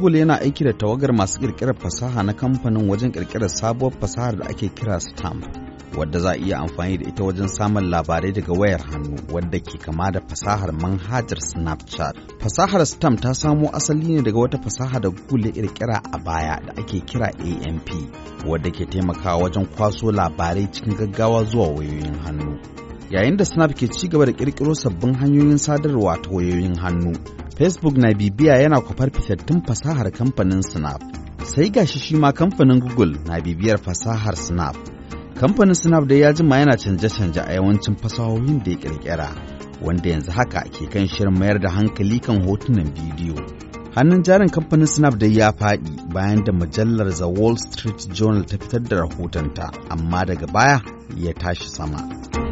Google yana aiki da tawagar masu ƙirƙirar fasaha na kamfanin wajen ƙirƙirar sabuwar fasahar da ake kira stamp, wadda za a iya amfani da ita wajen samun labarai daga wayar hannu wadda ke kama da fasahar manhajar Snapchat. Fasahar stamp ta samo asali ne daga wata fasaha da Google ya ƙirƙira a baya da ake kira AMP, wadda ke taimakawa wajen kwaso labarai cikin gaggawa zuwa wayoyin hannu. yayin da snap ke ci gaba da kirkiro sabbin hanyoyin sadarwa ta wayoyin hannu facebook na bibiya yana kwafar fitattun fasahar kamfanin snap sai gashi shi ma kamfanin google na bibiyar fasahar snap kamfanin snap da ya jima yana canje-canje a yawancin fasahohin da ya kirkira wanda yanzu haka ke kan shirin mayar da hankali kan hotunan bidiyo hannun jarin kamfanin snap dai ya faɗi bayan da mujallar the wall street journal ta fitar da rahotonta amma daga baya ya tashi sama.